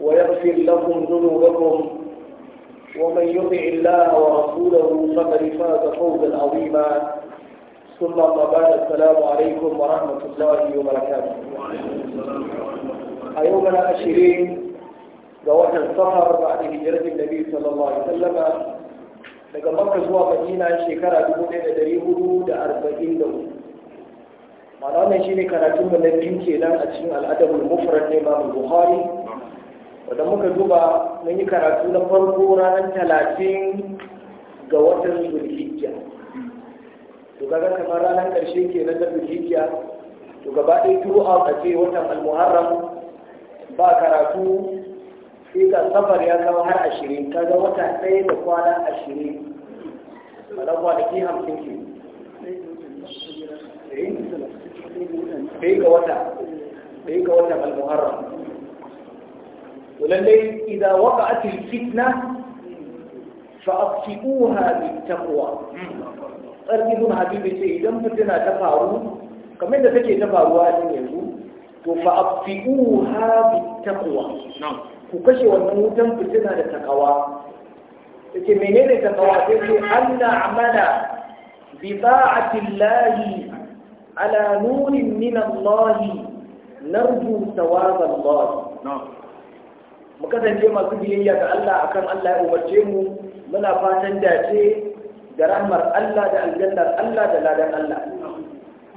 ويغفر لكم ذنوبكم ومن يطع الله ورسوله فقد فاز فوزا عظيما ثم اما السلام عليكم ورحمه الله وبركاته ايوم العشرين دوات السفر بعد هجرة النبي صلى الله عليه وسلم لقد مكز هو مدينة شكرا دون إلى دريبه دا أربعين دون معنى شيني كانت أتم من الدين كيلان أتم الأدب المفرد لإمام البخاري wadda muka duba mun yi karatu na farko ranar talatin ga watan zulhijja to kaga kamar ranar karshe ke na zulhijja to gaba ɗaya turu a ce watan almuharram ba karatu sai ka safar ya zama har ashirin kaga wata ɗaya da kwana ashirin mana kwanaki hamsin ke ɗaya eh? ga wata ɗaya ga watan almuharram وللي إذا وقعت الفتنة فأطفئوها بالتقوى أرجو حبيبي سيدا فتنا تفاروا كما إذا تكي تفاروا أن يقول فأطفئوها بالتقوى نعم كوكشي والنوتم فتنا لتقوى تكي منين تقوى أن نعمل بطاعة الله على نور من الله نرجو ثواب الله نعم mu kasance masu biyayya ga Allah akan Allah ya umarce mu muna fatan dace da rahmar Allah da aljannar Allah da ladan Allah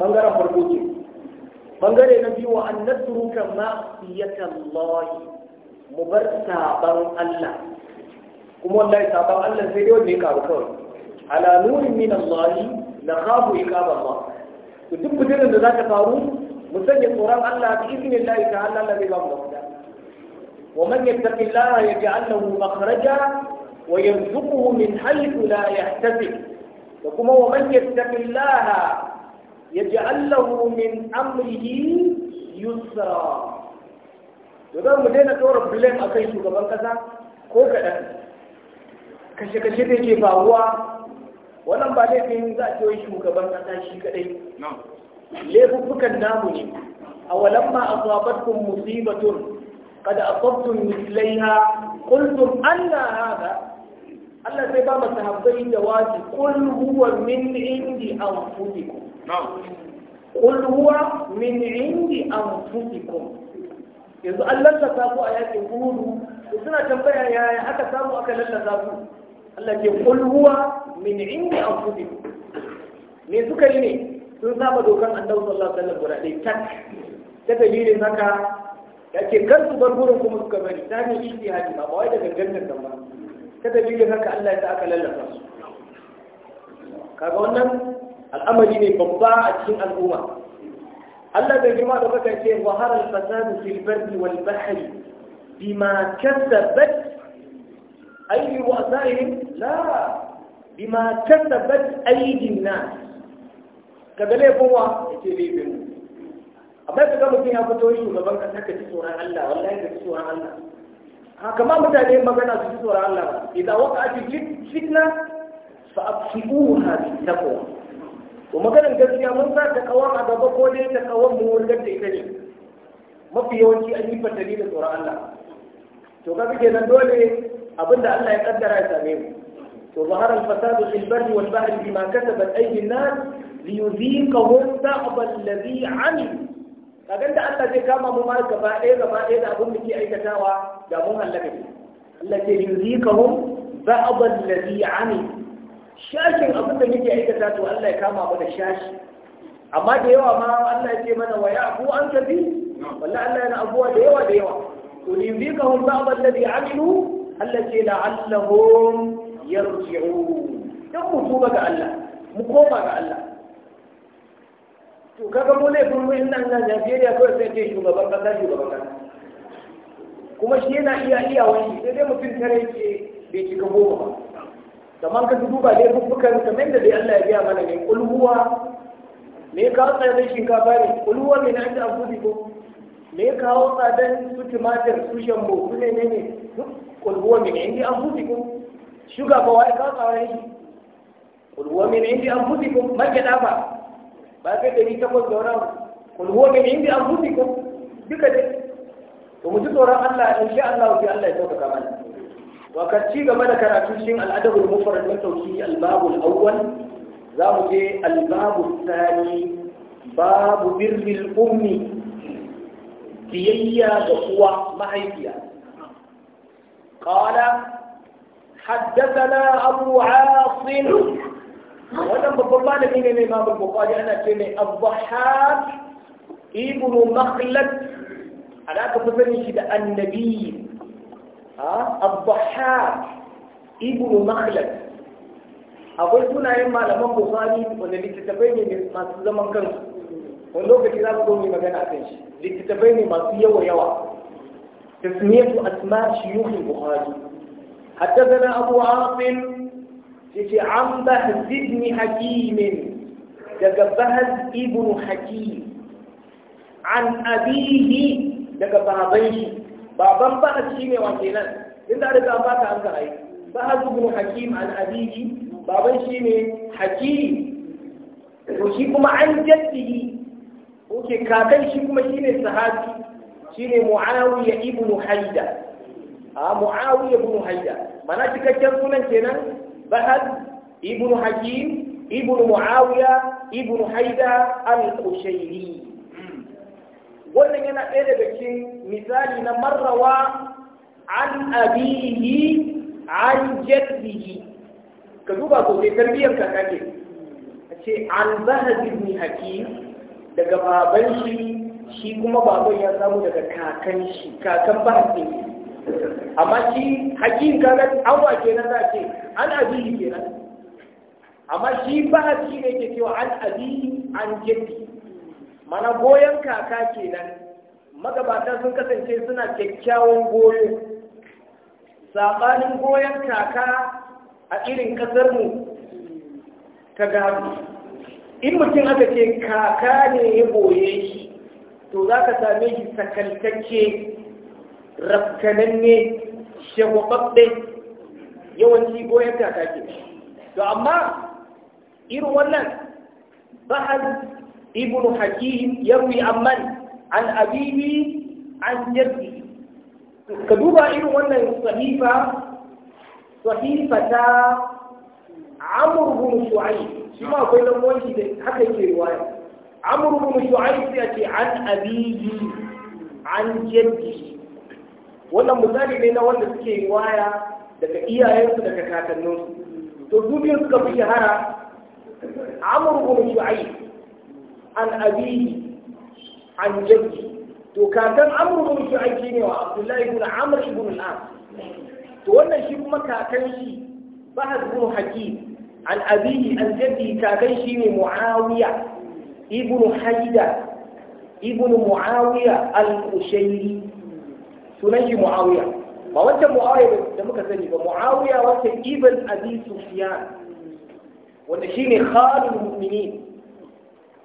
bangaren farko ce bangare na biyu an nasru kama fiyatallahi mu bar saban Allah kuma wallahi saban Allah sai dai wanda ya karu kawai ala nurin min Allah na khafu iqaba Allah duk mutumin da zaka faru mu sanya tsoron Allah bi idnillahi ta'ala Allah zai ba mu ومن يتق الله يجعل له مخرجا ويرزقه من حيث لا يحتسب وكما ومن يتق الله يجعل له من امره يسرا yanzu mu daina tsora blame a kai shugaban kasa ko kaɗan kashe-kashe da ke faruwa wannan ba laifin za a ce shugaban kasa shi kaɗai laifuffukan namu ne a walamma a tsabatun قد أصبتم مثليها قلتم أن هذا الله زي بابا تهبطي جوازي قل هو من عند أنفسكم نعم قل هو من عند أنفسكم yanzu an lallasa ku a yakin hudu suna yaya aka samu aka lallasa ku Allah ke kul huwa min me suka yi ne sun saba dokan annabi sallallahu alaihi wasallam guda ɗaya tak ta dalilin haka ya ce kar bar gurin kuma suka bari ta ne ishi hadi ba wai da gangan nan ba ta dalilin haka Allah ya sa aka lallasa su kaga wannan al'amari ne babba a cikin al'umma Allah bai girma da baka ce wa har al-fasad fil barri wal bahri bima kasabat ayyu wasa'ihim la bima kasabat aydin nas kaga laifin wa yace laifin mu amma ka ga mutum ya fito shugaban kasa ka ji tsoron Allah wallahi ka ji tsoron Allah kamar mutane magana su ji tsoron Allah idan waka ake fitna fa afsibuha bi taqwa to maganar gaskiya mun sa ta kawan a gaba ko dai ta kawan mu wurgar da ita ne mafi yawanci an yi fatali da tsoron Allah to kaga kenan dole abinda Allah ya kaddara ya same mu to zahara al-fasadu fil barri wal bahri bima kasabat aydi an-nas liyuziqahum ba'd alladhi 'amilu kagan da Allah zai kama mu ma gaba ɗaya gaba ɗaya da abin da ke aikatawa da mun hallaka ne Allah ke yuzikahum ba'd allazi ami shashin abin da muke aikata to Allah ya kama mu da shashi amma da yawa ma Allah ya ce mana wa ya'fu an kabi wallahi Allah yana abuwa da yawa da yawa to yuzikahum ba'd allazi amilu Allah ce la'allahum yarji'un dan mu tuba ga Allah mu koma ga Allah to kaga mu laifin mu in nan Najeriya ko sai ce shugaban kasa shugaban kasa kuma shi yana iya iya wani sai dai mutum tare ce bai cika goma ba kamar ka duba dai bubbukan kamar da dai Allah ya gaya mana ne kulhuwa me kawo tsadan shinkafa ne kulhuwa ne na ta abubi ko me kawo tsadan su tumatir su shambo su ne ne ne kulhuwa ne inda an buɗe ko shuga ba wai kawo tsadan shi kulhuwa ne inda an buɗe ko man gyaɗa ba ba da ni takwas da wani abu kulhuwa mai indi an zubi ko duka dai to mu ji tsoron Allah in sha Allah fi Allah ya sauka mana wa kan ci gaba da karatu cikin al'adabul mufrad min tawki al-babul awwal za mu je al-babul thani babu birril ummi biyayya ga uwa mahaifiya qala حدثنا أبو عاصم wannan babban malami ne mai imam bukhari ana ce mai abdahak ibnu makhlad ana ka fi sani shi da annabi ha abdahak ibnu makhlad akwai sunayen malaman bukhari wanda littattafai ne masu zaman kansu wani lokaci za ku zo mai magana a kan shi littattafai ne masu yawa yawa تسمية أسماء شيوخ البخاري حدثنا أبو عاصم yake an bahz zidni hakimin daga bahz ibn hakim an abihi daga baban shi baban bahz shine wanda nan inda riga ba ta hanka ai bahz ibn hakim an abihi baban shi ne hakim Ko shi kuma an jaddihi oke kakan shi kuma shi shine sahabi shine muawiya ibn haida a ah, muawiya ibn haida mana cikakken sunan kenan ibnu ابن ibnu ابن معاوية ابن حيدة القشيري wannan yana ɗaya daga cikin misali na marrawa an abihi an jaddihi ka duba sosai tarbiyyar ka kake a ce an zahabi ibn hakim daga baban shi shi kuma baban ya samu daga kakan shi kakan amma shi hakim kaga awa kenan za ce an abihi kenan amma shi ba shi ne ke cewa an abihi an jaddi mana goyon kaka kenan magabata sun kasance suna kyakkyawan goyo sabanin goyon kaka a irin ƙasarmu ta gado in mutum aka ce kaka ne ya goye shi to za ka same shi sakaltacce rafkananne shagwababbe yawanci goyon tata ke to amma irin wannan bahar ibn hakim yarwi amman an abibi an jaddi ka duba irin wannan sahifa sahifa ta amur bin shu'aib shi ma akwai lamwanci da haka yake riwaya amur bin shu'aib sai ya ce an abibi an jaddi wannan misali ne na wanda suke waya daga iyayensu daga kakanninsu to su biyu suka fi shahara amur bin shu'aib an abihi an jaddi to kakan amur bin shu'aib shine wa abdullahi ibn amr ibn al-as to wannan shi kuma kakan shi bahad bin hakim an abihi an jaddi kakan shi ne muawiya ibn haida ibn muawiya al-ushairi sunan shi muawiya ba wancan muawiya da muka sani ba muawiya wata ibn abi sufyan wanda shine khalul mu'minin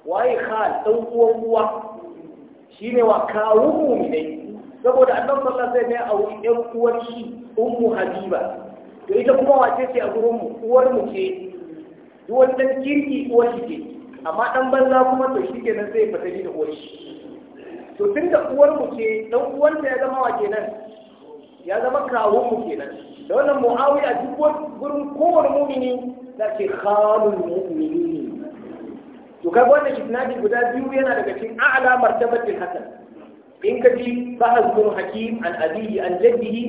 waye khal dan uwan uwa shine wa kawu mu'minai saboda annabi sallallahu alaihi wasallam ya auri ɗan uwar shi ummu habiba to ita kuma wace ce a gurin mu uwar mu ce duk wani kirki uwar shi ke, amma dan banza kuma to shi kenan sai fita da uwar shi to tun da uwar mu ce dan uwanta ya zama wa kenan ya zama kawun mu kenan da wannan muawiya duk gurin kowane mu'mini za ce khalul mu'minin to kai wannan isnadi guda biyu yana daga cikin a'la martabatil hasan in ka ji bahaz bin hakim an abiyi an jaddihi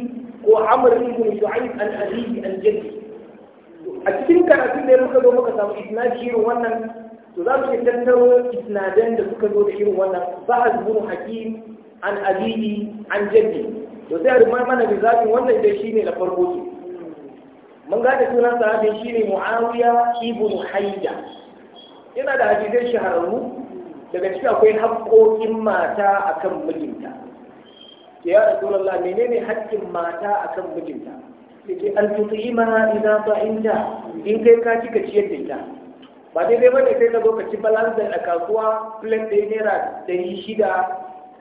ko amr ibn shu'aib an abiyi an jaddihi a cikin karatun da muka zo muka samu isnadi irin wannan to za mu iya tattaro isnadan da suka zo da irin wannan ba'az bin hakim an abiyi an jaddi to sai a rumar mana da zafin wannan dai shine na farko ce mun gane sunan sahabin shine muawiya ibn haida yana da hadisai shahararru daga ciki akwai haƙoƙin mata akan mijinta ke ya rasulullah menene haƙƙin mata akan mijinta yake an idan idza inda in kai ka kika ciyar da ita ba dai ba ne sai ka zo ka ci balanzan a kasuwa plate ɗaya naira ɗari shida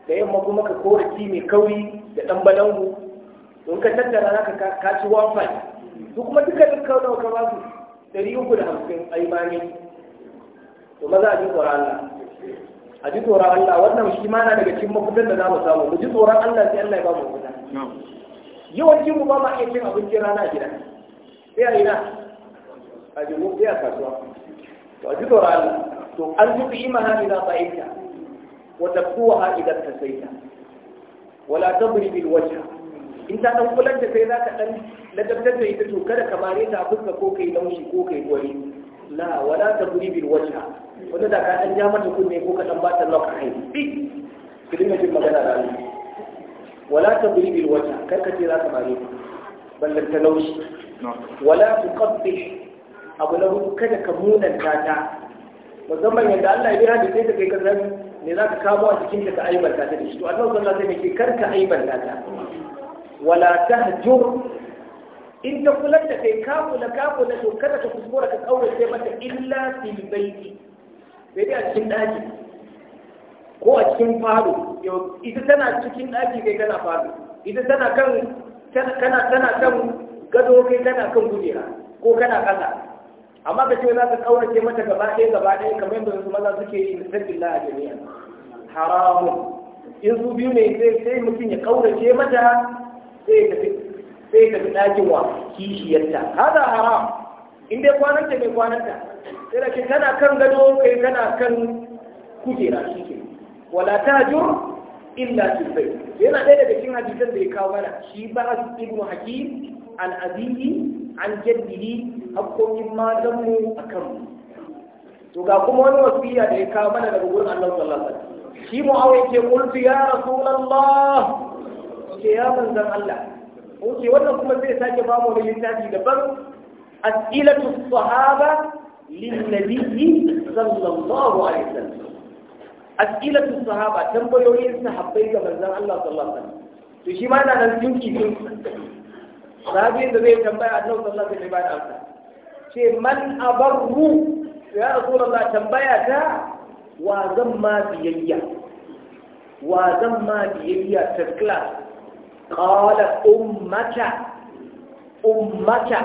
da yamma kuma ka kora ci mai kauri da ɗan balangu in ka tattara za ka kaci one five su kuma duka duk kawo ka ba su ɗari uku da hamsin a yi bani to maza a ji tsoron Allah a ji tsoron Allah wannan shi ma na daga cikin mafitan da za mu samu mu ji tsoron Allah sai Allah ya ba mu mafita yawancin mu ba ma iya cin abincin rana a gida sai a na a jirgin sai a kasuwa to ji tsoron to an zubi imaha idan ba'ita wa tabtuwaha idan tasaita wala tabri bil wajha in ta ɗan kulan sai za ta ɗan ladabtar da ita to kada ka mare ta fuska ko kai laushi ko kai gwari la wala tabri bil wajha wanda da ka ɗan ja mata kunne ko ka dan bata lock kai bi kidin jin magana da ni wala ta tabri bil wata, kar ka ce zaka mare ta ballan ta laushi wala tuqabbih abu na hudu kada ka munanta ta musamman yadda Allah ya hada sai ta kai ka ne za ka kamo a cikin ka aibanta ta da shi to Allah sallallahu alaihi wasallam ke kar ka aibanta ta wala tahjur in ta kula da kai ka kula ka kula to kada ka kuskura ka kaura sai mata illa fil baiti sai dai a cikin daji ko a cikin falo ita tana cikin daji kai kana falo ita tana kan kana tana kan gado kai kana kan kujera ko kana kasa amma da cewa za ka kaurace mata gaba ɗaya gaba ɗaya kamar yadda su maza suke yi bismillah a jami'a haramun in su biyu ne sai sai mutum ya kaurace mata sai ka sai ka tafi ɗakin wa kishiyarta hada haram in dai kwananta mai kwananta sai da ke tana kan gado kai kana kan kujera shi ke wala tajur illa tusai yana ɗaya daga cikin hadisan da ya kawo mana shi ba ibnu hakim al-azizi an jaddidi haƙoƙin matanmu a kanmu to ga kuma wani wasiya da ya kawo mana daga gurin Allah sallallahu alaihi wasallam shi mu'awiya ke qultu ya rasulullah ce ya manzon Allah ko ce wannan kuma zai sake ba mu littafi daban as'ilatu sahaba lin nabiyyi sallallahu alaihi wasallam as'ilatu sahaba tambayoyin sahabbai ga manzon Allah sallallahu alaihi wasallam to shi ma yana nan dinki dinki sahabi da zai tambaya annabi sallallahu alaihi wasallam ce man abarru ya rasulullah tambaya ta wa zan ma biyayya wa zan ma biyayya ta class qala ummata ummata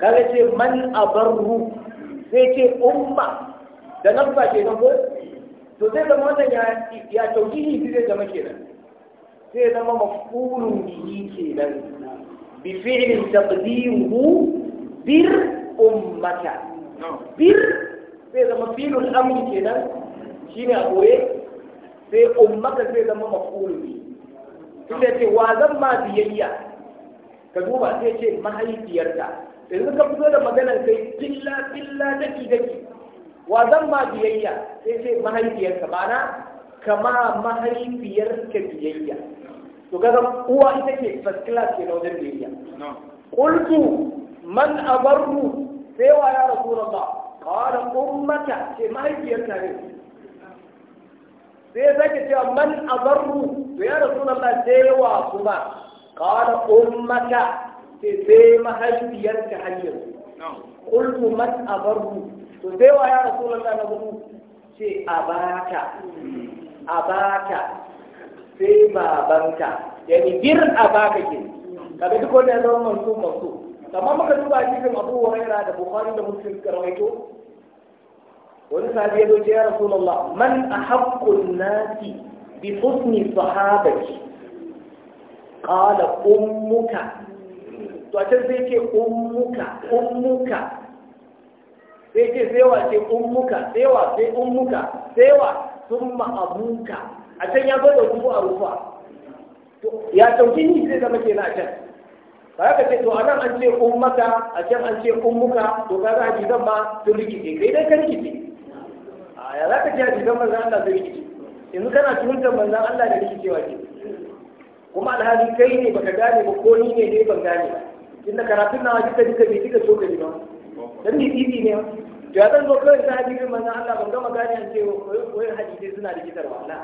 kaga ce man abarru sai ce umma da nan ba ke nan ko to zai zama wannan ya ya tauhidi zai zama kenan sai zama mafulun bihi kenan bi fi'lin taqdiruhu bir ummata bir sai zama filul amri kenan shine a goye sai ummata sai zama maf'ul bi tunda ce wa zan ma biyayya ka duba sai ce mahaifiyarta yanzu ka fito da maganar kai filla-filla daki daki wa zan ma biyayya sai ce mahaifiyarka ma'ana kama mahaifiyarka biyayya to kaga uwa ita ce first class ke na wajen biyayya qultu man abarru sai wa ya rasulullah qala ummata ce mahaifiyarta ne sai zaki cewa man abarru to ya rasulullah sai wa kuma qala ummata ce sai mahaifiyarta hanyar qultu man abarru to sai wa ya rasulullah na gudu ce a abata sai babanka yani bir a baka ke Kabe duk wanda ya zama mansu mansu amma muka duba cikin abu huraira da bukhari da muslim suka wani sahabi ya zoce ya rasulullah man ahaqqun nasi bi husni sahabati qala ummuka to a can sai ke ummuka ummuka sai ke sai wa ce ummuka sai wa sai ummuka sai wa summa abuka a can ya gwada kuma a rufa ya sauki ni zai zama kenan a can ba ka ce to a nan an ce ummaka a can an ce ummuka to ka za hadisan ba su rikice kai dai ka rikice a ya za ka ce hadisan manzan Allah sun rikice yanzu kana tuhuntar manzan Allah da rikicewa ke kuma alhali kai ne baka gane ba ko ni ne dai ban gane ba inda karatun nawa duka duka bai duka so ka ji ba dan ni bibi ne to ya zan zo kawai ta hadisin manzan Allah ban gama gane an ce wai hadisi suna rikitarwa Allah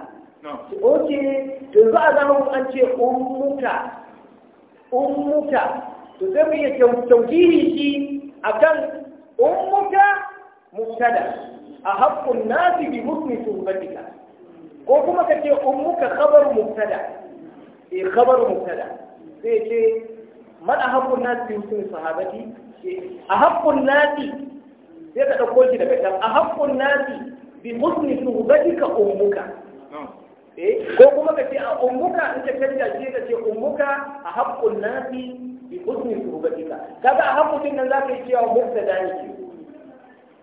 oke to za a zama an ce umuta ummuka to zai mu iya taujiri shi kan umuta mubtada a haƙƙun nasi bi su tuhbatika ko kuma ka ce ummuka khabar mubtada eh khabar mubtada sai ce man haƙƙun nasi bi su hukmi e, a haƙƙun nasi sai ka ɗauko shi daga can haƙƙun nasi bi su tuhbatika ummuka ko kuma ka ce a ummuka in ka canja shi ka ce ummuka a haƙƙun nasi bi husni suhubatika kaga a haƙƙun nan zaka yi cewa mubtada ne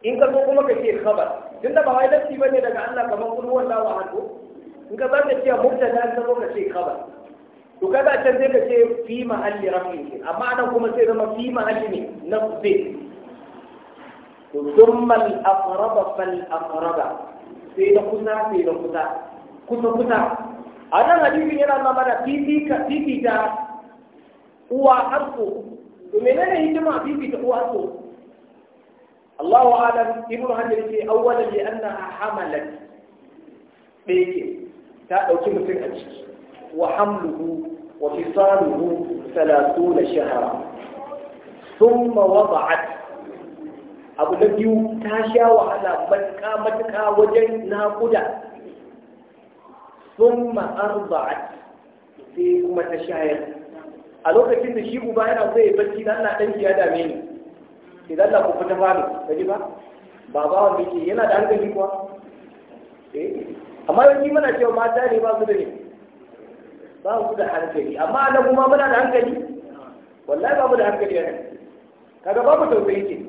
in ka zo kuma ka ce khabar tunda ba wai lafi bane daga Allah kamar kullu wallahu ahad in ka zaka ce mubtada ka zo ka ce khabar to kaga a can sai ka ce fi mahalli rafi amma anan kuma sai zama fi mahalli ne na zai ثم الأقرب فالأقرب سيدنا كنا سيدنا كنا kusa kusa a nan hadisin yana nuna mana fifita fifita uwa harko to menene hikima fifita uwa harko Allahu alam ibnu hajar ce awwalan li annaha hamalat ɗaya ta ɗauki mutum a ciki wa hamluhu wa fisaluhu 30 shahara thumma wada'at abu na biyu ta sha wahala matka-matka wajen naƙuda ثم أرضعت في كما تشاهد a lokacin da shi uba yana zai bacci da Allah ɗanki ya dame ni ke da ku fita falo ka ji ba ba ba wanda yana da hankali kuwa eh? amma yanzu muna cewa mata ne ba su da hankali amma a kuma muna da hankali wallahi ba mu da hankali a nan kaga babu tausayi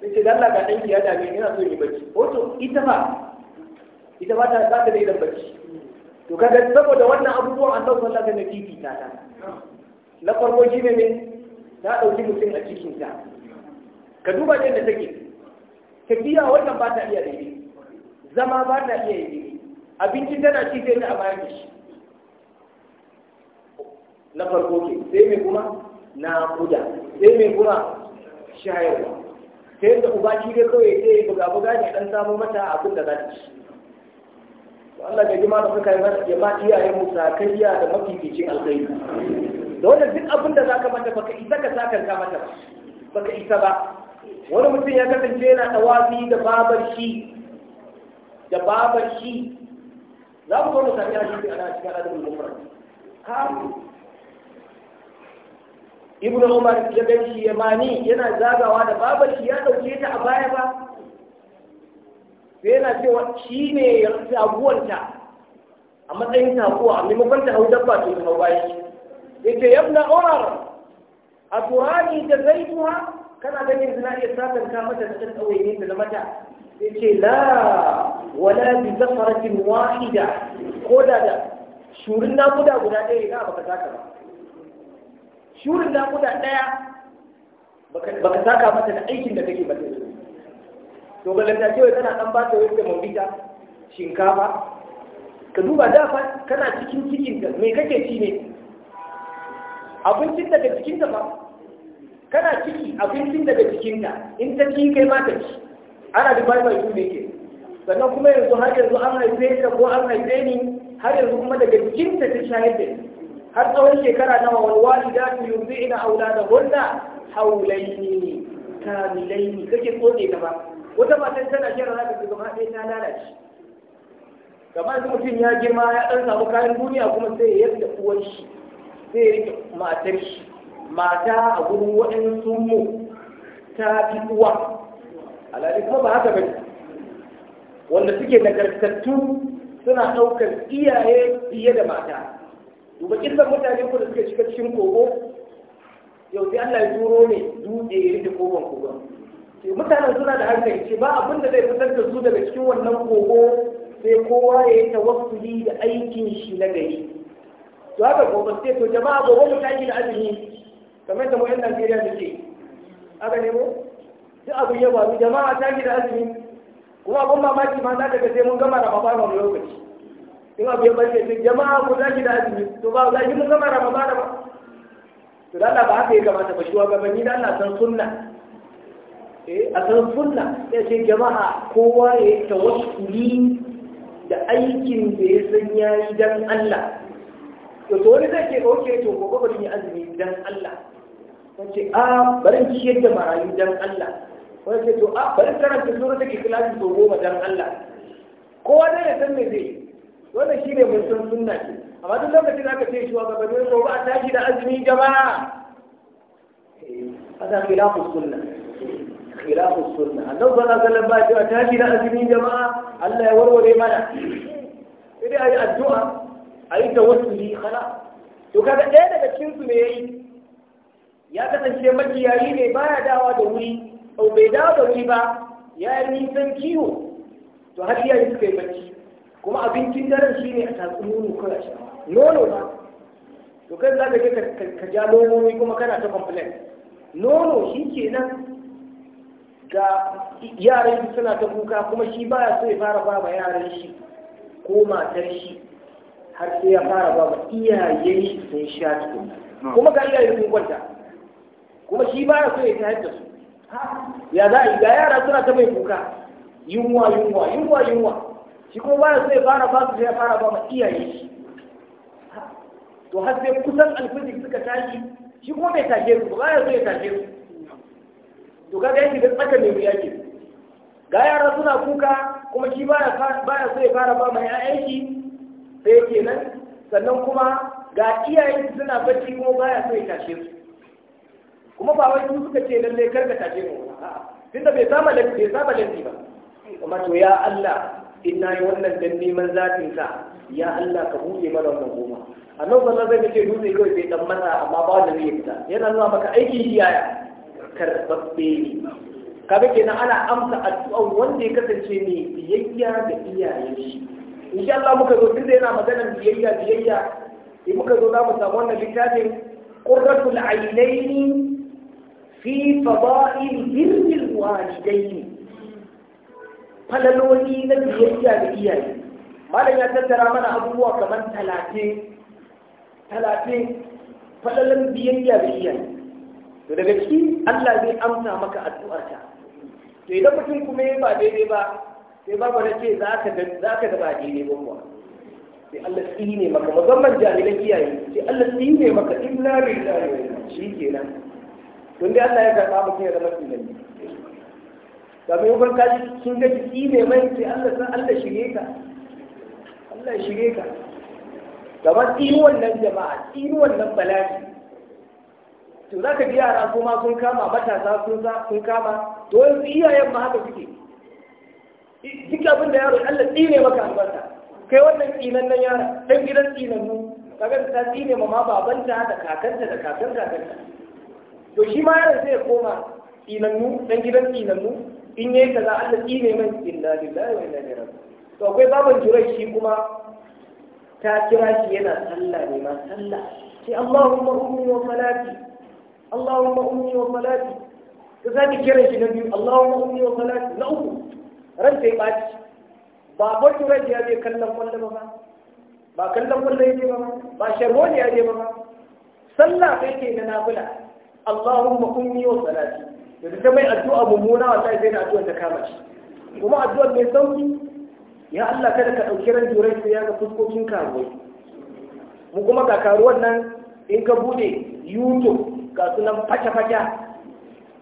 ce sai da Allah ga ɗanki ya dame ni yana so yi bacci wato ita ba ita ba ta ba ta da idan to kada saboda wannan abubuwan annabi sallallahu alaihi wasallam titi ta na farko shine ne ta dauki mutum a cikin ta ka duba yadda take tafiya wannan ba ta iya daidai zama ba ta iya yi abincin tana ci sai ta a da shi na farko ke sai mai kuma na kuda sai mai kuma shayarwa sai da uba shi dai kawai sai buga buga ne dan samu mata abin da za ta ci Allah ya jima da suka yi ya jima iyayen mu sakayya da mafificin alkhairi da wannan duk abin da zaka manta baka isa ka sakar ka mata ba baka isa ba wani mutum ya kasance yana tawafi da babar shi da babar shi za mu zo mu sami hadisi a cikin adabul mufrad ka Ibn umar ya ganshi yamani yana zagawa da babar shi ya dauke ta a baya ba sai yana cewa shi ne ya abuwanta a matsayin taguwa a maimakon ta hau dabba to ta hau ya ce ya yabna umar a turani da zai zaituha kana ganin zina iya ta mata da tsawai ne da mata ce la wala bi zafaratin wahida ko da da shurin na guda ɗaya ba ka taka ba shurin guda ɗaya ba ka saka mata da aikin da kake ba to balanta cewa kana dan ba ta mun bita shinkafa ka duba da fa kana cikin cikin ka me kake ci ne abincin daga cikin ka ba kana ciki abincin daga cikin ka in ta ci kai ma ta ci ana da bai bai ne ke sannan kuma yanzu har yanzu an haife ka ko an haife ni har yanzu kuma daga cikin ta ta shayar da ni har tsawon shekara nawa wal walidatu yurdi'na auladahunna hawlaini kamilaini kake tsode ta ba wata matan tana shera za ka gaba ɗaya ta lalace kamar su mutum ya girma ya ɗan samu kayan duniya kuma sai ya yadda uwar shi sai ya matar shi mata a gurin waɗansu mu ta fi uwa alhali kuma ba haka bane wanda suke nagartattu suna ɗaukar iyaye fiye da mata duba kisan mutane ku da suke cikin kogo yau sai Allah ya turo ne dutse ya rike kogon mutanen suna da hankali ce ba abin da zai fitar da su daga cikin wannan kogo sai kowa ya yi tawakkuli da aikin shi na gari to haka ko sai to jama'a ba wani kaji da azumi kamar da mu da ke. Haka aka nemo duk abin ya faru jama'a ta da azumi kuma abin mamaki ma za ka ga sai mun gama Ramadan wani lokaci in abu ya bace sai jama'a ku ki da azumi to ba za ki mun gama Ramadan ba to da ba haka ya kamata ba shi wa gaban ni da Allah san sunna Eh, a kan suna, ya ce jama'a kowa ya yi ta tawakkuli da aikin da ya san ya yi don Allah to to wani zai ke ɗauke to ko bari yi azumi don Allah ce a bari ki yadda marayu don Allah wani ce to a bari karanta sura take kilasi to goma don Allah kowa zai ya san me zai yi wannan shi ne mun san sunna ce amma duk lokacin da aka ce shi wa gaba ba ba a tashi da azumi jama'a eh, ana khilafu sunna خلاف السنة annabi sallallahu الله wasallam ba ya tashi da azumin jama'a Allah ya warware mana sai ayi addu'a ayi tawassuli khala to kaga ɗaya daga cikin su ne yayi ya kasance makiyayi ne baya dawa da wuri ko bai dawo da wuri ba ya yi nisan kiwo to har yi suka yi bacci kuma abincin daren shi ne a tatsi nono kawai nono ba to kai za ka je ka ja nono kuma kana ta complain nono shi kenan ga yaran shi suna ta kuka kuma shi baya so ya fara ba yaran shi ko matar shi har sai ya fara ba iyaye shi sun sha tukuna kuma ga iyaye sun kwanta kuma shi baya so ya ta da su ya za a yi ga yara suna ta mai kuka yunwa yunwa yunwa yunwa shi kuma baya so ya fara ba su sai ya fara ba ma iyaye shi to har sai kusan alfijir suka tashi shi kuma bai tashe su ba ya so ya tashe su to kaga yake da tsaka ne yake ga yara suna kuka kuma shi baya ya so ya fara ba mai aiki shi sai kenan sannan kuma ga iyayen suna bacci kuma ya so ya tashe su kuma ba wai su suka ce lalle kar ka tashe mu tunda bai saba lalle bai saba lalle ba kuma to ya Allah in yi wannan dan neman zatin ka ya Allah ka buɗe mana wannan goma annabi sallallahu alaihi wasallam ya ce dutse kawai sai dan matsa amma ba wanda zai fita yana nuna maka aikin iyaye karɓaɓɓe ne kaga kenan ana amsa addu'an wanda ya kasance mai biyayya ga iyayen shi insha Allah muka zo tunda yana maganar biyayya biyayya sai muka zo za mu samu wannan littafin qurratul ainaini fi fada'il birril walidaini falaloli na biyayya ga iyaye malam ya tattara mana abubuwa kamar talatin talatin falalan biyayya ga iyaye to daga ciki Allah zai amsa maka addu'arka to idan mutum kuma ya ba daidai ba sai ba bana ce za ka da ba daidai ba kuwa sai Allah ne maka musamman jami'an iyaye sai Allah ne maka inna lillahi wa inna shi kenan don dai Allah ya karɓa mutum ya zama tsinanni ga mai yankon kaji sun gaji tsine mai sai Allah san Allah shirye ka Allah shirye ka Kamar tsinuwan wannan jama'a tsinuwan wannan bala'i to za ka biya yara kuma sun kama matasa sun kama to yanzu iyayen ma haka suke duk abin da yaro Allah tsine maka albarka kai wannan tsinan nan yara dan gidan mu kaga ta tsine ma babanta da kakanta da kakanta kakanta to shi ma yaro zai koma koma mu dan gidan mu in yayi kaza Allah tsine mai inna lillahi wa inna ilaihi raji'un to akwai baban jurai shi kuma ta kira shi yana sallah ne ma sallah sai Allahumma ummi wa salati Allahumma ummi wa salati ka sake kiran shi na biyu Allahumma ummi wa na uku ran sai baci ba bacci ran ya je kallon kwallo ba ba kallon kwallo yake ba ba sharwani ya je ba sallah ke na yanzu ta mai addu'a mummuna wallahi sai na addu'a ta kama shi kuma addu'a mai sauki ya Allah kada ka ɗauki ran jurai sai ya ga fuskokin karuwai mu kuma ga karuwan nan in ka bude youtube ga sunan fata fasha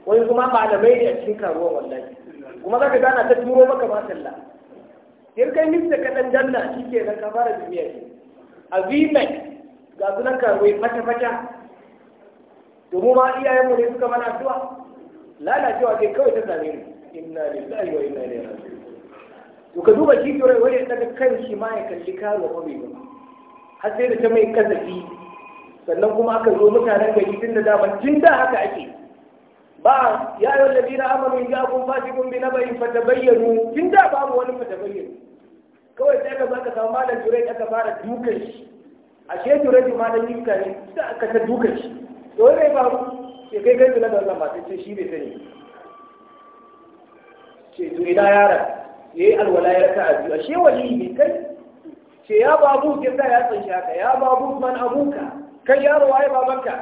wani kuma malamai ne a cikin karuwa wallahi kuma za ka gana ta turo maka ma sallah in kai nista ka dan janna shi ke nan ka fara duniya ne a vmac ga sunan karuwai fata-fata. domin ma iyayenmu ne suka mana zuwa, lalacewa ce kawai ta same mu inna lillahi wa inna ilaihi raji'un to ka duba shi turai wani ya daga kan shi ma ya kalli karuwa ko bai ba har sai da ta mai kasafi sannan kuma aka zo mutanen gari tun da dama tun da haka ake ba ya yi bi na ya in fashi kun bi na fata fatabayyanu tun da babu wani fata fatabayyanu kawai sai ka zaka samu malam turai aka fara dukan shi ashe turai malam yinka ne sai aka ta dukan shi to wai ba ke kai kai tunan da wannan ba sai shi bai sani ce to yara ya yi alwala ya ta a shi wali ne kai ce ya babu ke sa ya tsanci haka ya babu man abuka kai yaro waye babanka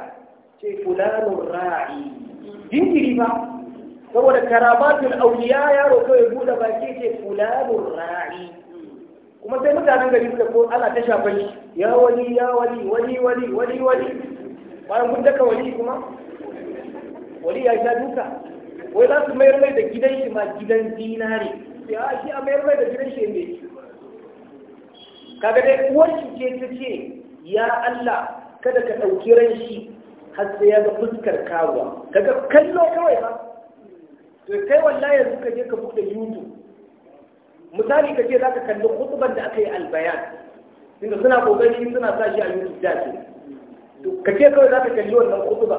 ce fulanun ra'i jinjiri ba saboda karamatul auliya yaro kawai bude baki ce fulanun ra'i kuma sai mutanen gari suka ko ana ta shafan ya wani ya wani wani wani wani wani bayan kun daka wani kuma wani ya sha duka wai za su mayar mai da gidan shi ma gidan zinare ya shi a mayar mai da gidan shi inda yake kaga dai uwar shi ce ta ce ya Allah kada ka ɗauki ran shi har sai ya ga fuskar karuwa kaga kallo kawai ba to kai wallahi yanzu ka je ka buɗe youtube misali ka ce za ka kalli kutuban da aka yi albayan inda suna kokari suna sa shi a youtube da ce ka ce kawai za ka kalli wannan kutuba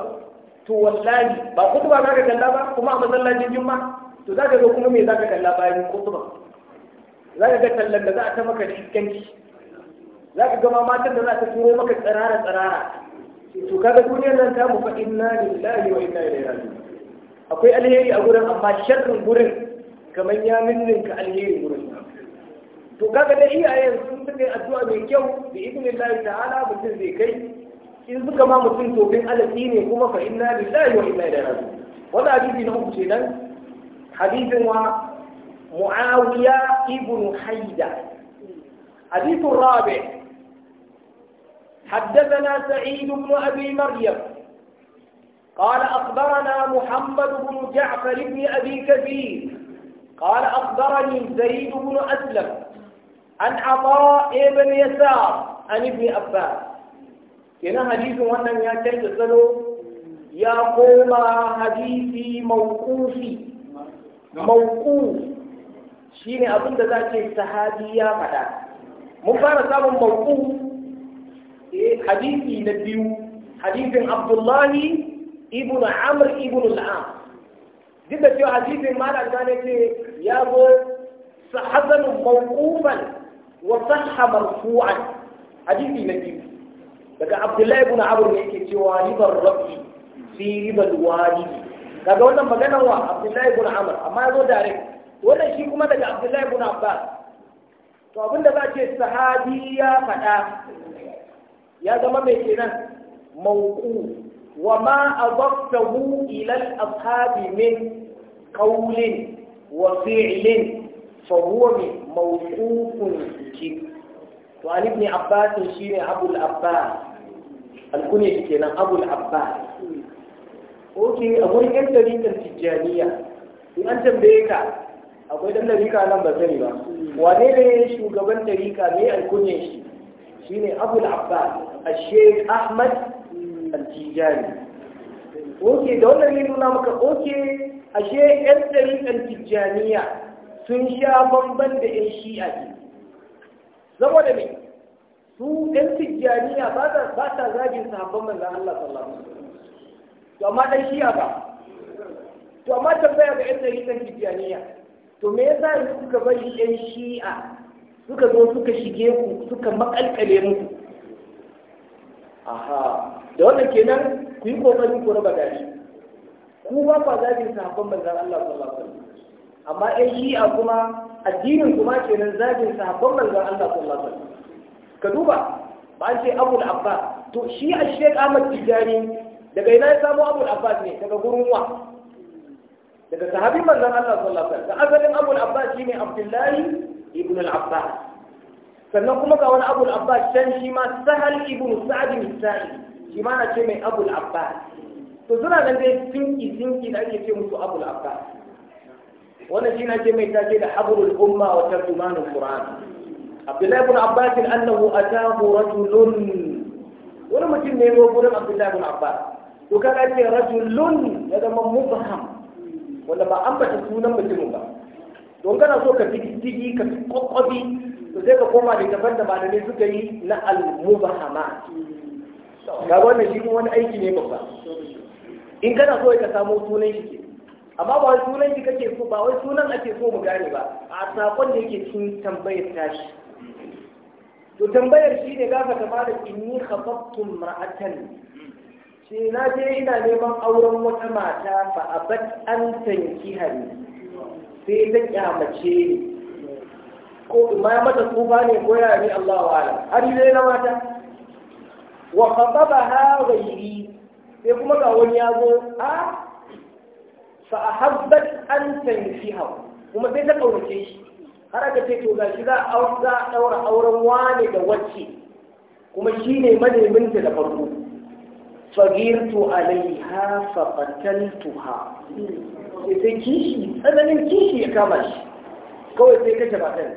to wallahi ba kutuba za ka kalla ba kuma a masallacin juma to za ka ga kuma me za ka kalla bayan kutuba za ka ga tallan da za a ta maka iskanci za ka gama matan da za ta turo maka tsarara-tsarara. to kaga duniyar nan ta mu fa inna lillahi wa inna ilaihi raji'un akwai alheri a gurin amma sharrin gurin kamar ya ka alheri gurin to kaga da iyayen sun suka yi addu'a mai kyau da ibnillahi ta'ala mutum zai kai in suka ma mutum to tofin alaƙi ne kuma fa inna lillahi wa inna ilaihi raji'un wani hadisi na uku kenan hadisin wa muawiya ibnu haida hadithun rabi' حدثنا سعيد بن أبي مريم قال أخبرنا محمد بن جعفر بن أبي كثير قال أخبرني زيد بن أسلم عن عطاء بن يسار عن ابن عباس كنا حديث وانا يا كيف سلو يا قوم حديثي موقوفي موقوف شيني أبن ذاك السهادي يا فتاة مفارسة موقوف hadisi na biyu hadisin abdullahi ibn amr ibn al'am duk da cewa hadisin malam gane ce ya zo sahaban mawqufan wa sahha marfu'an hadisi na biyu daga abdullahi ibn amr ne yake cewa ribar rabbi fi ribal walidi kaga wannan maganar wa abdullahi ibn amr amma ya zo direct wannan shi kuma daga abdullahi ibn abbas to abinda za ce sahabi ya faɗa ya zama mai kenan mauku wa ma a zafta ila ilal ashabi min qawlin wa fi'lin fa huwa mawqufun bihi to an abbasin shi ne abul abbas su kenan abul abbas oke a wurin yan tarikan tijjaniya in an tambaye ka akwai dan tarika nan ba sani ba wane ne shugaban tarika mai alkunyan shi Shi ne abul abbas الشيخ أحمد التجاني أوكي دولة اللي نونا مكا أوكي الشيخ أسري التجانية سنشا Shi'a بإن شيئة da mai, su ɗan tijjaniya ba ta zagin sahabban manzan Allah sallallahu to amma ɗan shi'a ba to amma tambaya ga ɗan tijjaniya to me yasa suka bari shi'a suka zo suka shige ku suka makalkale muku aha da wannan kenan ku yi kokarin ku raba gari ku ba fa zagin sahabban manzon Allah sallallahu alaihi wasallam amma shi a kuma addinin kuma kenan zagin sahabban manzon Allah sallallahu alaihi wasallam ka duba ba an ce Abu al-Abbas to shi a Sheikh Ahmad Tijani daga ina ya samu Abu al-Abbas ne daga gurin wa daga sahabin manzon Allah sallallahu alaihi wasallam da asalin Abu al-Abbas shine Abdullahi ibn al-Abbas sannan kuma ga wani abul abbas can shi ma sahal ibn sa'd bin sa'i shi ma na ce mai abul abbas to suna nan dai sinki sinki da ake ce musu abul abbas wannan shi na ce mai take da habrul umma wa tarjumanul qur'an abdullahi ibn abbas annahu atahu rajulun wani mutum ne ya gurin abdullahi ibn abbas to kaga ce rajulun ya zama mubham wanda ba an bata sunan mutumin ba don kana so ka fi ka fi kwakwabi to sai ka koma da gaban da malamai suka yi na al-mubahama ga wannan shi wani aiki ne babba in kana so ka samu sunan shi amma ba sunan shi kake so ba wai sunan ake so mu gane ba a sakon da yake cin tambayar tashi to tambayar shi ne gafa ta fara inni khafaftum ra'atan ce na je ina neman auren wata mata fa abat an tanki hari sai ta kyamace ni ko ma mata tsufa ne ko yara ne Allahu a'lam har dai na mata wa khatabaha ghairi sai kuma ga wani ya zo a fa ahabbat an tanfiha kuma sai ta kaunace shi har aka ce to za a za daura auren wane da wacce kuma shine manemin da farko fagirtu alaiha fa qataltuha sai kishi tsananin kishi ya kama shi kawai sai kace matan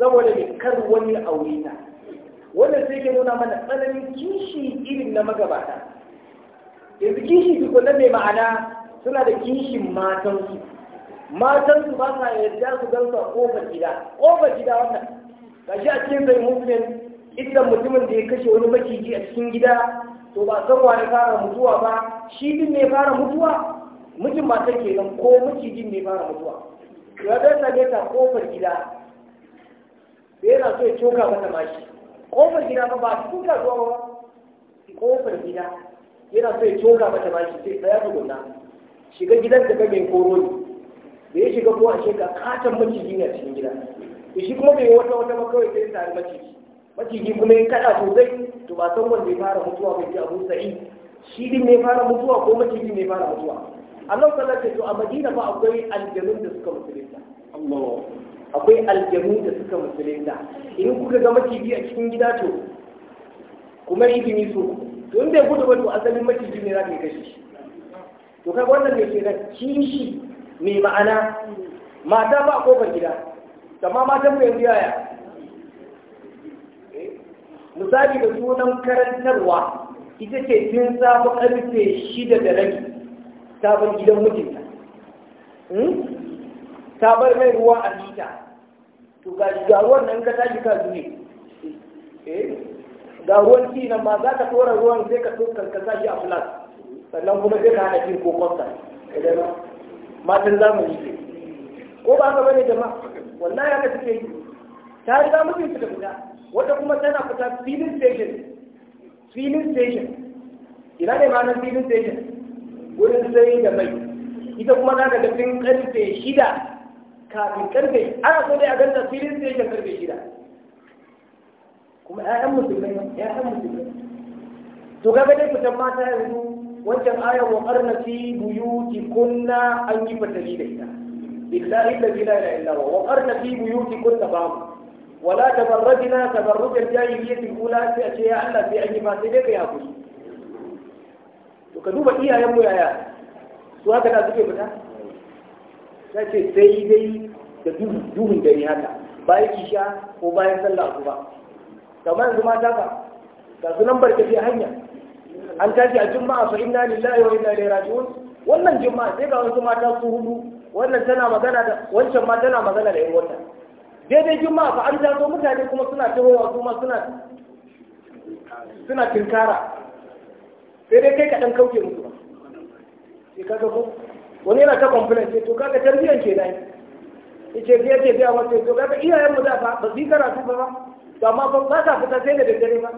saboda mai kar wani aure ta wannan sai ke nuna mana tsananin kishi irin na magabata yanzu kishi su kullum mai ma'ana suna da kishin matansu matansu ba sa yarda su gan a kofar gida kofar gida wannan shi a cikin sai muslim idan mutumin da ya kashe wani maciji a cikin gida to ba san wani fara mutuwa ba shi din ne fara mutuwa mijin ke kenan ko macijin ne fara mutuwa ya dan sage ta kofar gida yana so ya coka mata mashi kofar gida ba ba cikin zuwa ba kofar gida yana so ya coka mata mashi sai tsaya tukuna shiga gidan ka mai koro ne da ya shiga ko a sheka katon maciji ne a cikin gida da shi kuma bai wata wata ba kawai sai tare maciji maciji kuma ya kada sosai to ba san wanda ya fara mutuwa bai ji abu sa'i shi din ne fara mutuwa ko maciji ne fara mutuwa Allah sallallahu alaihi to a Madina ba akwai aljannu da suka musulunta Allah akwai aljanu da suka musulunta in kuka ga maciji a cikin gida to kuma izini so to in bai gudu wato asalin maciji ne za ka yi kashe shi to kai wannan ne ke da kishi mai ma'ana mata ba a kofar gida amma matan mu yanzu yaya eh, misali da sunan karantarwa ita ce tun sabon karfe shida da rabi sabon gidan mijinta hmm? ta bar mai ruwa a lita to ga ga nan ka tashi ka zune eh ga ruwan ci nan ma za ka tora ruwan sai ka tsokar ka sashi a flas sannan kuma sai ka hada shi ko kwanta idan matan zamani ke ko ba ka bane jama'a ya ka suke yi ta riga mutum da fita wata kuma tana fita filin station filin station ina ne ma'anar filin station wurin sai da mai ita kuma za ka ga tun karfe shida kafin karfe ana so dai a ganta filin sai yake karfe shida kuma ƴaƴan musulmai ƴaƴan musulmai to ga dai fitan mata yanzu wancan ayar wa na fi kunna an yi fatali da ita billahi illa la ilaha illa huwa wa na fi buyutikunna babu wala tabarrajna tabarruj al-jahiliyyah al-ula sai a ce ya Allah sai an yi ba sai dai ka yafi to ka duba iyayen mu yaya su haka da suke fita ta ce daidai da duhun dare haka bayan isha ko bayan sallah ba. kamar yanzu mata ka ga su nan barkace hanya an tashi a juma'a fa inna lillahi wa inna ilaihi raji'un wannan juma'a sai ga wasu mata su hudu wannan tana magana da wancan ma tana magana da yan wata daidai juma'a fa an taso mutane kuma suna tahowa kuma suna suna tinkara sai dai kai kaɗan kauce musu ba sai kaga ko wani yana ta complain ce to kaga tarbiyyar ke nan yace ke ce ga mata to kaga iyayen mu da fa ba su karatu ba to amma ba ba ta fita sai da daddare ba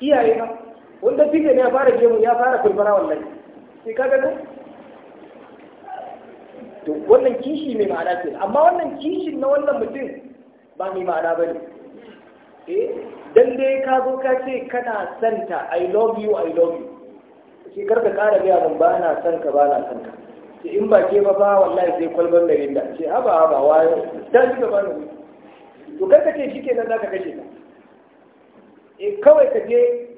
iyaye ba wanda fike ne ya fara gemu ya fara kulbara wallahi sai kaga ko to wannan kishi mai ma'ana ce amma wannan kishin na wannan mutum ba mai ma'ana ba ne eh dan dai ka zo ka ce kana santa i love you i love you sai karka kara gaya mun ba na son ka ba na son ka ce in ba ke ba ba wallahi sai kwalban rinda ce haba haba wayo ta ji gaba na to kai ce shi kenan zaka kashe ta e kawai ka je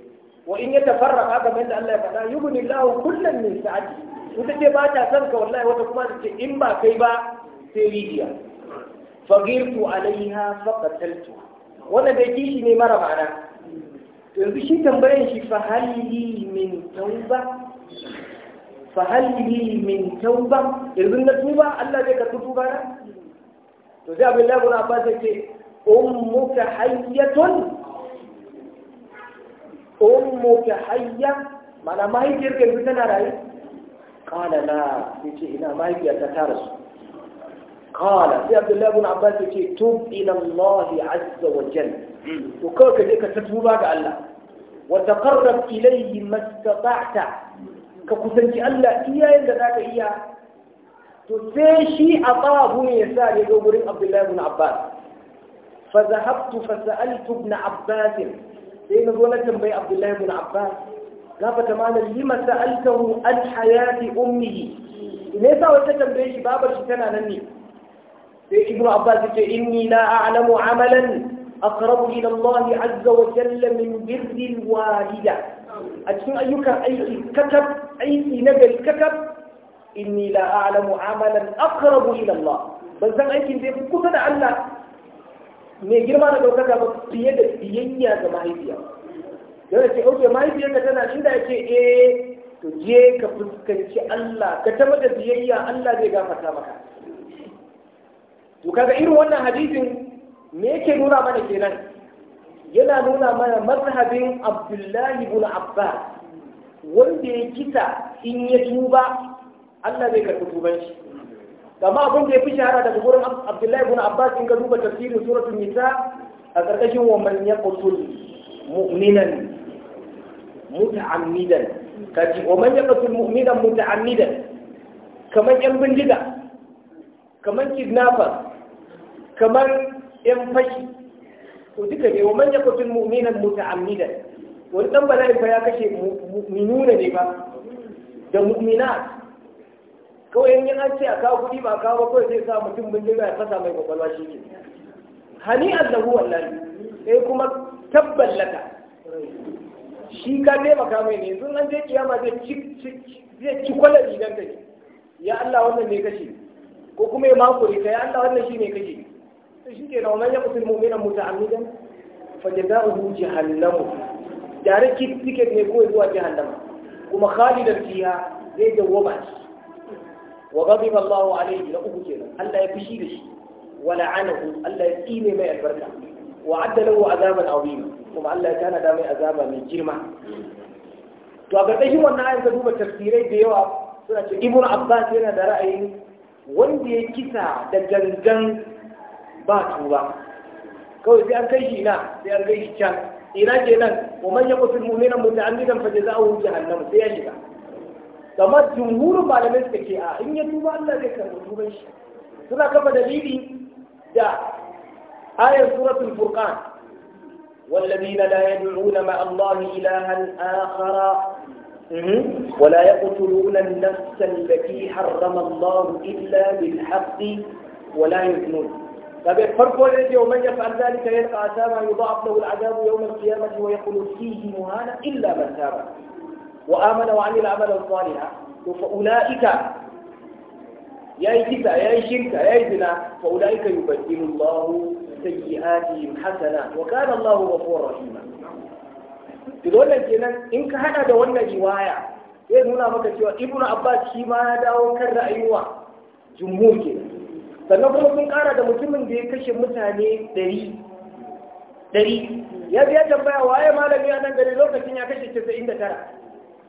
wa in ya tafarraqa ka banda Allah ya faɗa yubni Allahu kullan min sa'ati wata ce ba ta san ka wallahi wata kuma ce in ba kai ba sai rijiya fagirtu alaiha faqataltu wannan da kishi ne mara ma'ana yanzu shi tambayan shi fa hali min tauba fa hal li min tauba yanzu na tuba Allah zai karɓi tuba na to zai abin lagun abbas yake ummuka hayyatun ummuka hayya mana mahaifiyar ka yanzu tana raye qala na, yace ina mahaifiyar ta tara su qala sai abdullah ibn abbas yace tub ila allah azza wa jalla to kawai ka je ka ta tuba ga Allah wa taqarrab ilayhi mastata'ta ka kusanci Allah iya yadda za ka iya to sai shi a babu ne ya sa ya zo gurin Abdullahi ibn Abbas fa zahabtu fa sa'altu ibn Abbas sai na zo na tambayi Abdullahi ibn Abbas gafata mana lima sa'altahu an hayati ummihi me yasa wata tambaye shi babar shi tana nan ne sai Ibn Abbas yace inni la a'lamu amalan أقرب إلى الله عز وجل من بر الوالدة a cikin ayyukan aiki kakab aiki na gari kakab inni la a'lamu amalan aqrabu ila Allah ban san aikin da yafi kusa da Allah mai girma da daukaka ba fiye da biyayya ga mahaifiya yana ce oke mahaifiyarka tana inda ce eh to je ka fuskanci Allah ka ta da biyayya Allah zai gafarta maka to kaga irin wannan hadisin me yake nuna mana kenan yana nuna mana mazhabin abdullahi ibn abbas wanda ya kisa in ya tuba Allah zai karɓi tuban shi abin da ya fi shahara daga gurin abdullahi ibn abbas in ka duba tafsirin suratul nisa a ƙarƙashin wa man yaqtul mu'minan muta'ammidan kaji wa man yaqtul mu'minan muta'ammidan Kaman yan bindiga kamar kidnapper kamar yan fashi to duka ne wa man yaqtul mu'minan muta'ammidan wani dan bala'i fa ya kashe mu'minuna ne ba da mu'mina kawai in an ce a kawo kuɗi ba kawo kawai sai sa mutum jira ya fasa mai kwakwalwa shi ne. hani allahu wallahi sai kuma tabballaka shi ka maka mai ne yanzu an je kiyama zai ci kwalar idan ka ya Allah wannan ne kashe ko kuma ya makure ka ya Allah wannan shi ne kashe to shi ke nan ya kusa mu'mina muta'ammidan fa jazaohu jahannamu tare ki ticket ne ko zuwa jahannama kuma khalidan fiha zai dawwama shi wa ghadiba Allahu alayhi la uku kenan Allah ya fushi da shi wa la'anahu Allah ya tsine mai albarka wa adda lahu azaban azima kuma Allah ya tana da mai azaba mai girma to a gargashin wannan ayin ka duba tafsirai da yawa suna ce ibn abbas yana da ra'ayin wanda ya kisa da gangan ومن يقص المؤمن متعمدا فجزاؤه جهنم زي كما جمهور بالمسك كي أهم يتوب على ذلك المتوب إيش كما دليلي دا آية سورة الفرقان والذين لا يدعون مع الله إلها آخر ولا يقتلون النفس التي حرم الله إلا بالحق ولا يذنون kaga farko da yake man ya fa'al zalika yalqa asaba yudha'af lahu al'adabu yawm al-qiyamati wa yaqulu fihi muhana illa man taba wa amana wa 'amila 'amalan salihan to fa ulaika yayi kisa yayi shirka yayi zina fa ulaika yubaddilu Allahu sayyi'atihim hasana wa kana Allahu ghafurur rahima to dole kenan in ka haɗa da wannan riwaya zai nuna maka cewa ibnu abbas shi ma ya dawo kan ra'ayuwa jumhur sannan kuma sun kara da mutumin da ya kashe mutane ɗari dari ya biya tambaya waye malami a nan gari lokacin ya kashe casa'in da tara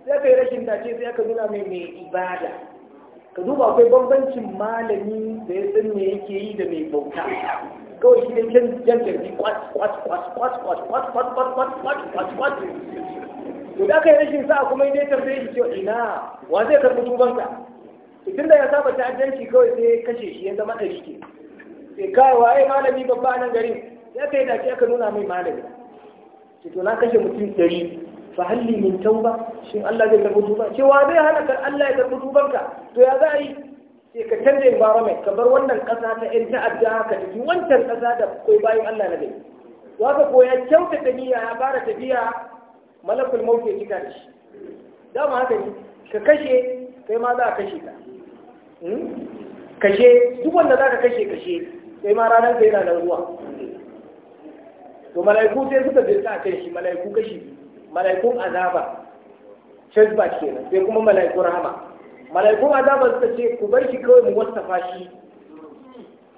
sai ka yi rashin tace sai aka nuna mai mai ibada ka duba akwai bambancin malami da ya san me yake yi da mai bauta kawai shi ne jan jan jirgi kwat kwat kwat kwat kwat kwat kwat kwat kwat kwat kwat kwat kwat kwat aka yi rashin sa'a kuma kwat kwat kwat kwat cewa ina wa zai karɓi kwat tun da ya saba ta'addanci kawai sai kashe shi ya zama ɗari ke sai kawai waye malami babba nan garin ya kai da aka nuna mai malami ce to na kashe mutum ɗari fa halli min tauba shin Allah zai karɓi tuba cewa zai hana kar Allah ya karɓi tubanka to ya za a yi sai ka canza environment ka bar wannan kasa ta ƴan ta'adda haka tafi wancan kasa da kai bayan Allah na gari waka ka koya kyauta tafiya ya fara tafiya malakul mauke kika da shi dama haka ne ka kashe kai ma za a kashe ka Hmm? kashe duk wanda za ka kashe kashe sai ma ranar ka yana nan ruwa to mala'iku sai suka birka a kan shi mala'iku kashi mala'ikun azaba shazba kenan sai kuma mala'ikun rahama mala'ikun azaba suka ce ku bar shi kawai mu wasafa shi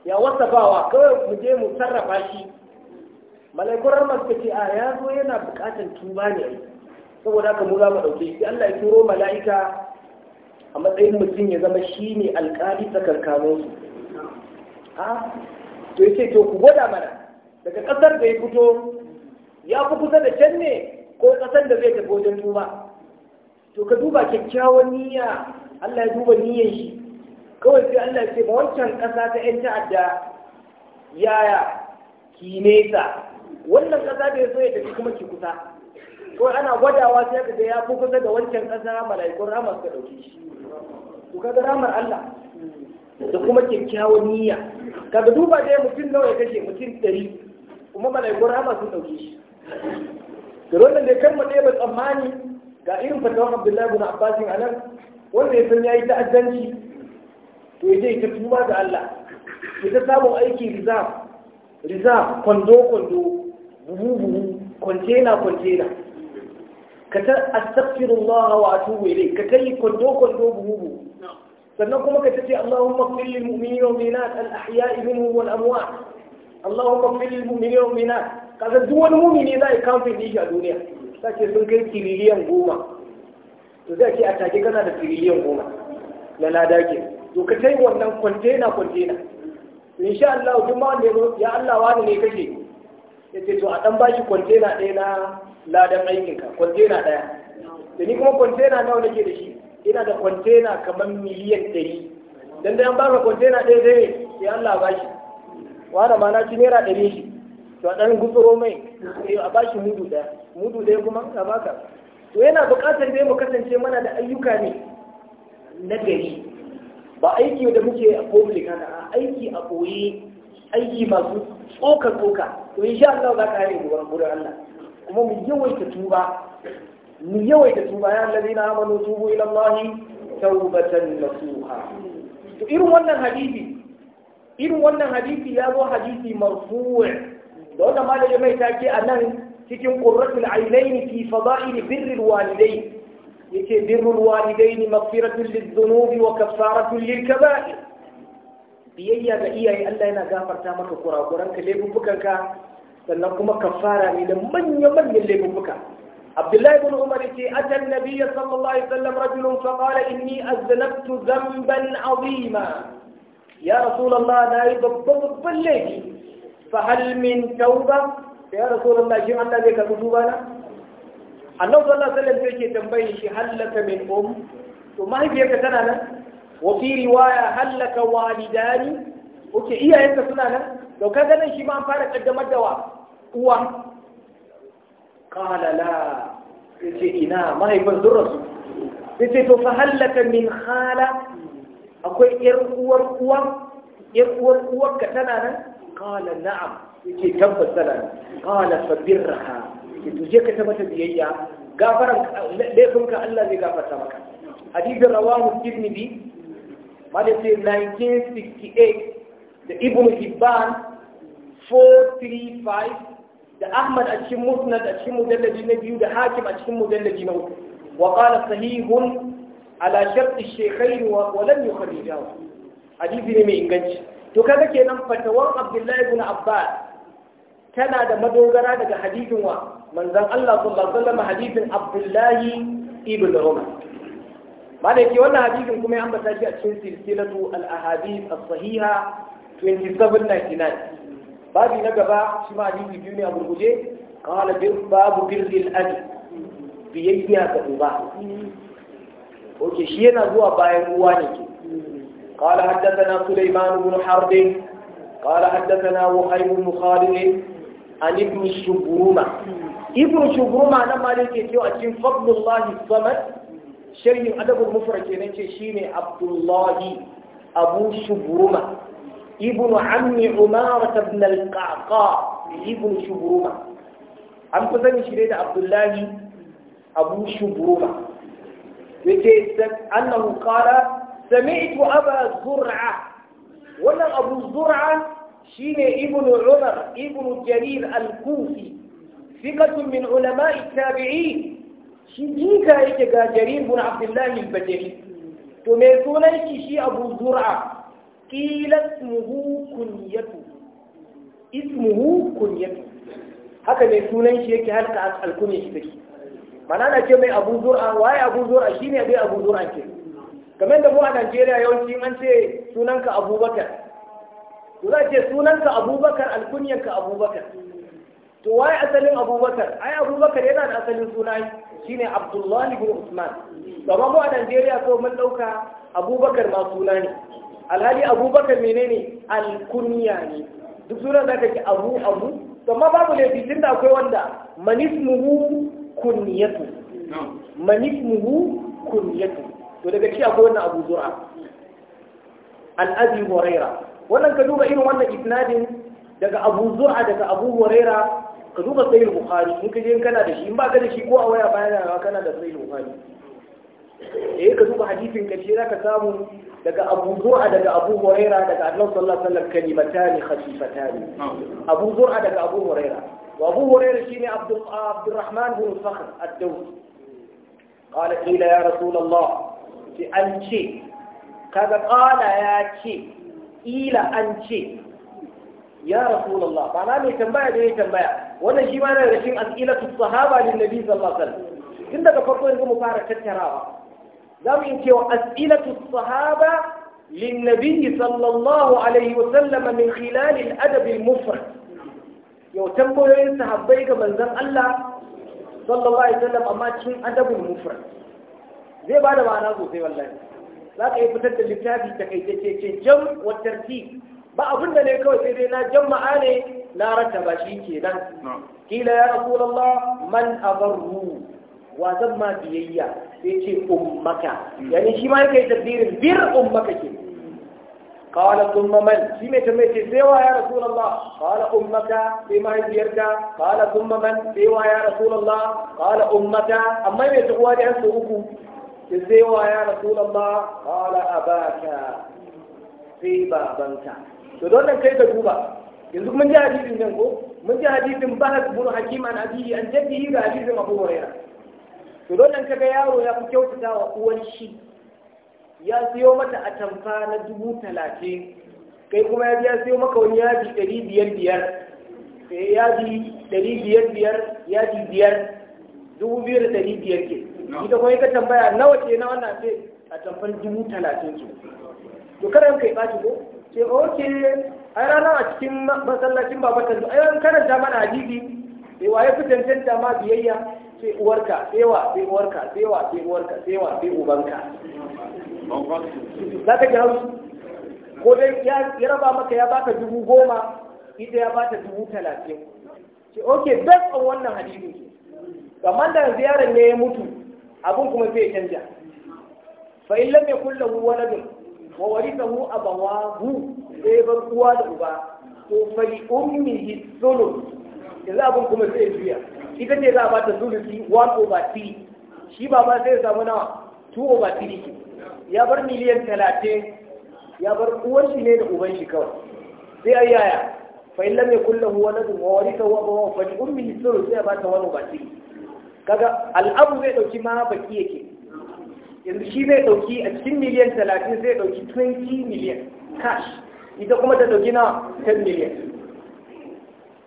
ya wasafawa kawai mu je mu sarrafa shi mala'ikun rahama suka ce a ya zo yana bukatar tuba ne saboda haka mu za mu ɗauke shi Allah ya turo mala'ika a matsayin mutum ya zama shi ne alƙali su ha to ya to ku gwada mana daga ƙasar da ya fito ya fi kusa da can ne ko ƙasar da zai tafi wajen duba to ka duba kyakkyawan niyya Allah ya duba niyyar shi kawai sai Allah ya ce ba wancan ƙasa ta 'yan ta'adda yaya ki nesa wannan ƙasa da ya so ya tafi kuma ki kusa ko ana gwadawa sai ka ga ya fi kusa da wancan ƙasa mala'ikun rahama suka ɗauke shi Ku kaga ramar Allah da kuma kyakkyawan niyya kaga duba dai mutum nawa ya kashe mutum ɗari kuma mala'ikun rahama sun ɗauke shi da wannan da kan mutum ba tsammani ga irin fatawan Abdullahi bin Abbas a nan wanda ya san yayi ta'addanci to ya je ta tuba da Allah ya ta samun aiki rizab rizab kwando kwando buhu buhu kwantena kwantena ka ta astaghfirullah wa atubu ilayh ka kai kwando kwando buhu sannan kuma ka tace Allahumma qil lil mu'minina wal mu'minat al ahya'i minhum wal amwat Allahumma qil lil mu'minina wal mu'minat kaga duk wani mu'mini zai kamfin din shi a duniya sace sun kai tiriliyan goma to zai ce a take kana da tiriliyan goma na lada ke to ka kai wannan kwantena kwantena insha Allah duk ma ya Allah wani ne kake yace to a dan bashi kwantena ɗaya na ladan aikinka kwantena ɗaya da ni kuma kwantena nawa nake da shi ina da kwantena kamar miliyan ɗari dan da an ba ka kwantena ɗaya zai ya Allah ba shi wanda ma na ci naira ɗari shi to a ɗan gutsuro mai a ba shi mudu ɗaya mudu ɗaya kuma ka ka to yana buƙatar dai mu kasance mana da ayyuka ne na gari ba aiki da muke a public haka aiki a ɓoye aiki masu tsoka tsoka to insha Allah za ka hare gurin Allah kuma mu yawaita tuba mu yawaita tuba ya allazina amanu tubu ila Allah tawbatan nasuha to irin wannan hadisi irin wannan hadisi ya zo hadisi marfu' da wannan malami mai take a nan cikin qurratul ainain fi fada'il birrul walidai yake birrul walidain maghfiratun lidh-dhunubi wa kaffaratun lil-kaba'ir biyayya ga iyaye Allah yana gafarta maka kurakuranka laifuffukanka sannan kuma kafara ne da manya-manyan laifuka abdullahi ibn umar ce atan nabiyya sallallahu alaihi wasallam rajulun fa qala inni aznabtu dhanban azima ya Rasulallah na yi babban babban laifi fa hal min tauba ya Rasulallah shi Allah zai karbi tuba na Allah sallallahu alaihi wasallam yake tambayin shi hallaka min um to mahaifiyarka tana nan wa fi riwaya hallaka walidani oke iyayenka suna nan to kaga nan shi ma an fara kaddamar da wa uwa qala la yace ina mahaifin sun rasu yace to fa hallaka min khala akwai yar uwar uwa yar uwar uwar ka tana nan qala na'am yace tabbas tana nan qala fa birraha to je ka tabbata biyayya gafaran laifinka Allah zai gafarta maka hadisin rawahu tirmidhi madasi 1968 da ibn hibban 435 da Ahmad a cikin Musnad a cikin mujalladi na biyu da Hakim a cikin mujalladi na uku wa qala sahihun ala shartu shaykhayn wa lam yukhrijahu hadisi ne mai inganci to kaga kenan fatawan Abdullahi ibn Abbas tana da madogara daga hadisin wa manzon Allah sallallahu alaihi wasallam hadisin Abdullahi ibn Umar ba da yake wannan hadisin kuma ya ambata shi a cikin silsilatu al-ahadith as-sahiha 2799 babi na gaba shi ma hadisi biyu ne a gurguje kawala bin babu birnin ali biyayya ga uba ok shi yana zuwa bayan uwa ne ke kawala na suleiman ibn harbin kawala haddasa na wuhaimu mukhalili an ibn shuguruma ibn shuguruma na ma da yake cewa cikin fadlullahi samad sharhin adabul mufrad kenan ce shine abdullahi abu shuguruma ibnu ammi umar ibn al-qaqa ibnu shubruma an ku sani shi da abdullahi abu shubruma yace annahu qala sami'tu aba zur'a wannan abu zur'a shine ibnu umar ibnu jarir al-kufi fikatu min ulama'i tabi'in shi jika yake ga jarir ibn abdullahi al to me sunan shi abu zur'a قيل اسمه كنيته اسمه كنيته haka mai sunan shi yake halka alkunya shi take mana na ce mai abu zur'a waye abu zur'a shine dai abu zur'a ke kamar da mu a Najeriya yawanci an ce sunanka Abubakar to za ce sunanka Abubakar alkunyanka Abubakar to waye asalin Abubakar ai Abubakar yana da asalin suna shine Abdullahi ibn Usman amma mu a Najeriya ko mun ɗauka Abubakar ma suna ne alhali abubakar menene alkunya ne duk suna za ka ji abu abu amma babu laifi da akwai wanda manismuhu kunyatu manismuhu kunyatu to daga ci akwai wannan abu zura an horaira wannan ka duba irin wannan isnadin daga abu zura daga abu horaira ka duba sahih bukhari in ka je kana da shi in ba ka da shi ko a waya bayan kana da sahih bukhari eh ka duba hadisin karshe zaka samu daga Abu Zur'a daga Abu Huraira daga Annabi sallallahu alaihi wasallam kalimatan khafifatan Abu Zur'a daga Abu Huraira wa Abu Huraira shine Abdul Abdurrahman bin Sakhr ad-Dawsi قال قيل يا رسول الله في أنشي ce. قال يا شي إلى أنشي يا رسول الله فأنا مي تنبايا دي تنبايا وانا شي مانا rashin أسئلة الصحابة للنبي صلى الله عليه وسلم tun daga farko yanzu mu fara tattarawa za mu iya cewa as'ilatu sahaba للنبي صلى الله عليه وسلم من خلال الأدب المفرد yau tambayoyin sahabbai ga manzon Allah sallallahu alaihi wa sallam, amma cikin adabul mufrad zai bada ma'ana sosai wallahi za ka yi fitar da littafi ta kai ce ce jam wa tartib ba abin da ne kawai sai dai na jama'a ne na rata ba shi kenan kila ya rasulullah man abarru watan ma biyayya sai ce ummaka yani shi ma yake tabbirin bir ummaka ke قال ثم من في متى متى سوى يا رسول الله قال أمك في ما يديرك قال ثم من سوى يا رسول الله قال أمك أما يبي تقول أن سوكم سوى يا رسول الله قال أباك في بابك تدرنا كيف تجوبا يزك من جاء حديث منكم من جاء حديث بحث بن حكيم عن أبيه أن جده إلى حديث أبو هريرة to dole in kaga yaro ya fi kyautata wa uwan shi ya siyo mata atamfa na dubu talatin kai kuma ya ya siyo maka wani yaji ɗari biyar biyar sai eh, yaji ɗari biyar biyar yaji biyar dubu biyar da ɗari biyar ke ita kuma ka tambaya nawa ce na wannan sai a tamfan dubu talatin ke to kada kai ɓaci ko ce oke ai rana a cikin masallacin babatanzu ai karanta mana hadisi sai eh, waye fi cancanta ma biyayya sai uwarka sai wa sai uwarka sai wa sai uwarka sai wa sai ubanka za ka ji hausu ko dai ya raba maka ya baka dubu goma ita ya bata dubu talatin ce ok best on wannan hadisi kamar da ziyarar ne ya mutu abin kuma zai canja fa in lam yakul lahu waladun wa warithahu abawahu sai bar uwa da uba to fa li ummihi thuluth yanzu abin kuma sai juya ita ce za a bata sulusi 1 over 3 shi ba ba sai samu nawa 2 over 3 ya bar miliyan 30 ya bar uwan shi ne da uban shi kawai sai ai yaya fa in huwa na zuwa wani wa wa abawahu fa li ummihi thuluth sai bata 1 over 3 kaga al'abu zai dauki ma baki yake yanzu shi zai dauki a cikin miliyan 30 zai dauki 20 miliyan cash ita kuma ta dauki na 10 miliyan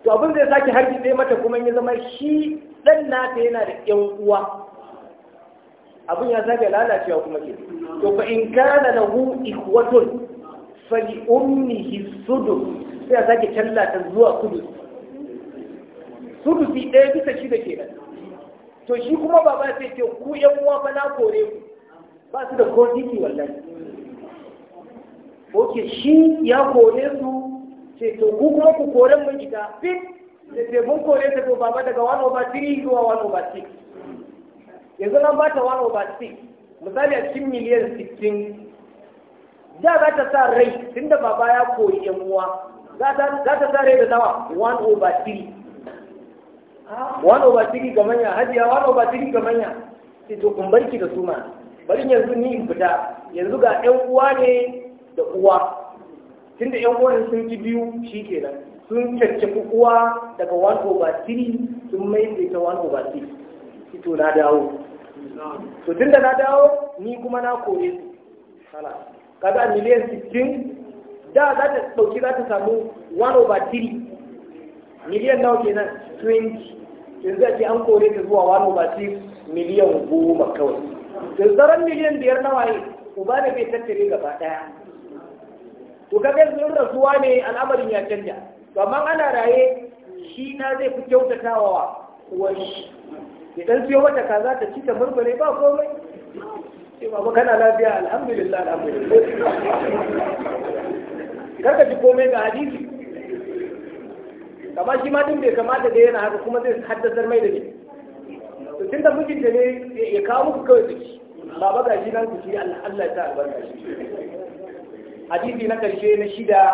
to abin zai sake sai mata kuma ya zama shi ɗan nata yana da ƴan uwa abin ya sake lalacewa kuma ke to fa in kana lahu ikhwatun fa li ummihi sudus sai ya sake tallata zuwa Kudu. sudusi ɗaya bisa shi da kenan to shi kuma baba sai ce ku ƴan uwa fa na kore ku ba su da ko wallahi Oke, shi ya kore su ce to ku kuma ku koren mun ita fit da ce mun kore ta to baba daga 1 over 3 zuwa 1 over 6 yanzu nan ba ta 1 over 6 misali a cikin miliyan 16 da za ta sa rai tunda baba ya koyi yan uwa za ta sa rai da nawa 1 over 3 1 over 3 ga manya hajiya 1 over 3 ga manya sai to kun da suma bari yanzu ni in fita yanzu ga 'yan uwa ne da uwa tunda yan uwan sun ji biyu shi kenan sun caccafi uwa daga 1 over 3 sun mai da ita 1 over 6 ito na dawo to tunda na dawo ni kuma na kore su kaga miliyan 16 da za ta dauki za ta samu 1 over 3 miliyan nawa kenan 20 yanzu ce an kore ta zuwa 1 over 6 miliyan goma kawai da zaran miliyan biyar nawa ne uba da bai tattare gaba daya to ga sun rasuwa ne al'amarin ya canja to amma ana raye shi na zai fi kyautatawa wani idan siyo siyo wata kaza ta ci ta murmure ba komai sai ba kana lafiya alhamdulillah alhamdulillah ka ji komai ga hadisi kamar shi ma din bai kamata da yana haka kuma zai haddasar mai da ne to tunda mijinta ne ya kawo muku kawai su ci ga shi nan ku shi Allah Allah ya albarka shi حديثي لك شيء نشيدا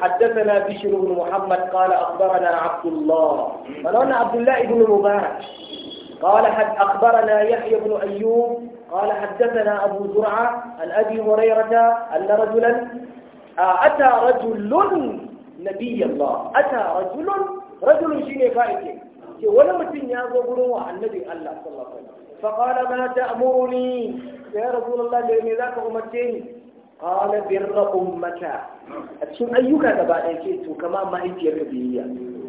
حدثنا بشر بن محمد قال أخبرنا عبد الله فلان عبد الله بن مبارك قال حد أخبرنا يحيى بن أيوب قال حدثنا أبو زرعة عن أبي هريرة أن رجلا آه، أتى رجل نبي الله أتى رجل رجل شيني فائتي ولا متن يا زبروا النبي الله صلى الله عليه وسلم فقال ما تأمرني يا رسول الله لأني ذاك أمتين qala birra ummaka a cikin ayyuka da ɗaya ce to kama mahaifiyar ka biyayya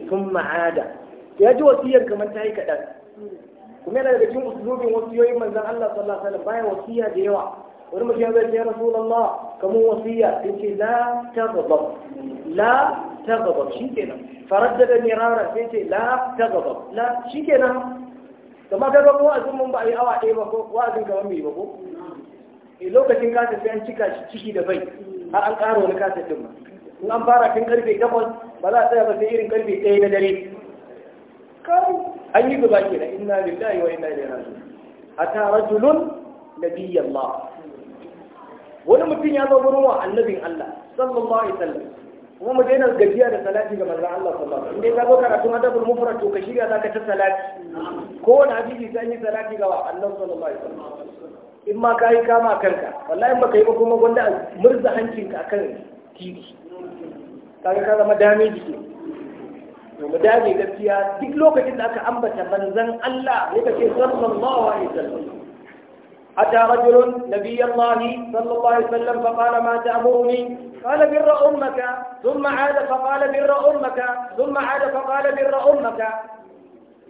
sun ma'ada ya ji wasiyar kamar ta yi kaɗan kuma yana daga cikin usulubin wasiyoyin manzon Allah sallallahu alaihi wasallam baya da yawa wani mutum ya zai ya kamun wasiya sai ce la taghdab la taghdab shikenan faraddada mirara sai ce la taghdab la shikenan kamar kaga ko ba a yi awa ɗaya ba ko kamar mai ba ko Eh, lokacin kasa sai an cika shi ciki da bai har an ƙara wani kasa din ma in an fara tun karfe takwas ba za a tsaya ba sai irin karfe ɗaya na dare kai an yi gaba ke da inna lillahi wa inna ilaihi raji'un ata rajulun nabiyallah wani mutum ya zo gurin wa annabin Allah sallallahu alaihi wasallam kuma mu daina gajiya da salati ga manzon Allah sallallahu alaihi wasallam indai ka karatu karatun adabul mufrad to ka shirya zaka ta salati Ko wani hadisi sai yi salati ga wa Allah sallallahu alaihi wasallam in ma ka yi kama a kanka wallahi ba ka yi ba kuma wanda murza hancinka a kan titi kaga ka zama dame jiki to mu dame gaskiya duk lokacin da aka ambata manzon Allah ne kace sallallahu alaihi wasallam hatta rajul nabiy Allah sallallahu alaihi wasallam fa qala ma ta'muruni qala bir ummaka thumma 'ada fa qala bir sun thumma 'ada fa qala bir ummaka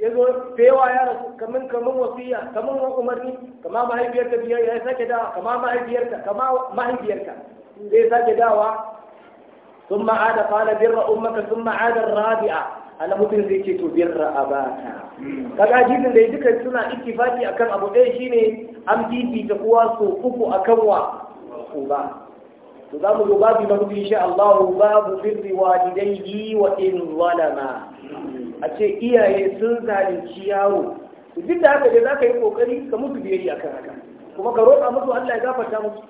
ya zo fewa ya rasu kamin kamin wasiya kamin umarni kama mahaifiyarka biyar ya sake dawa kama mahaifiyarka kama mahaifiyarka zai sake dawa sun ma'ada fala birra ummaka sun ma'adar rabi'a ana mutum zai ce to birra abata kaga hadisin da duka suna ittifaki akan abu ɗaya shine an ta kuwa so uku akan wa uba to za mu zo babu na hudu insha Allah babu birri walidayhi wa in zalama a ce iyaye sun zalunci yawo duk da haka dai za ka yi ƙoƙari ka mutu biyayya kan haka kuma ka roƙa musu Allah ya gafarta musu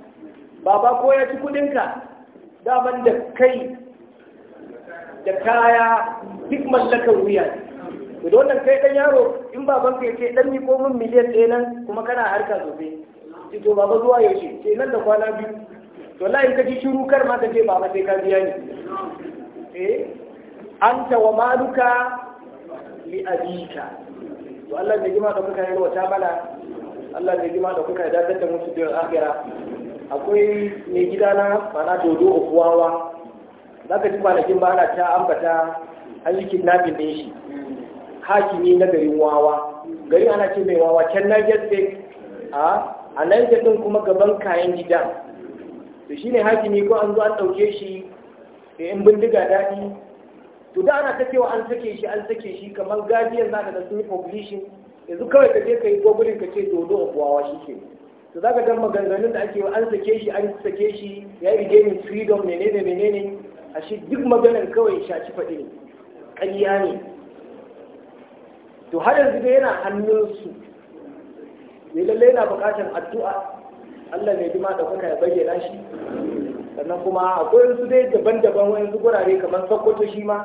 baba ko ya ci kuɗinka daman da kai da kaya duk mallakar wuya ne da wannan kai ɗan yaro in baban ka yake ɗan ni ko min miliyan ɗaya nan kuma kana harka sosai ce to baba zuwa yaushe ce nan da kwana biyu to la in ka ji shiru kar ma ka ce baba sai ka biya ni eh anta wa maluka li abika to Allah ne jima da kuka yarwa ta mana Allah ne jima da kuka dadar da musu da akhira akwai mai gida na mana dodo ukuwawa zaka ji kwanakin ba na ta ambata an yi kidnapping shi hakimi na garin wawa garin ana ce mai wawa can na gaske a a Niger din kuma gaban kayan gida to shine hakimi ko an zo an dauke shi da yan bindiga daɗi to da ana ta cewa an sake shi an sake shi kamar gajiyar na da sun yi publishing yanzu kawai ka je ka yi gogulin ka ce dodo a buwawa shi ke to za ka ga ganganin da ake an sake shi an sake shi ya yi gaming freedom menene menene a shi duk maganar kawai shaci faɗi ne ne to har yanzu dai yana hannunsu mai lallai yana buƙatar addu'a Allah mai jima da kuka ya bayyana shi sannan kuma akwai wasu dai daban-daban wani gurare kamar sokoto shi ma